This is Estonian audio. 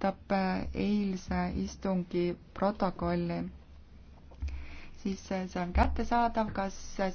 puudutab äh, eilse istungi protokolli, siis äh, see on kättesaadav, kas äh,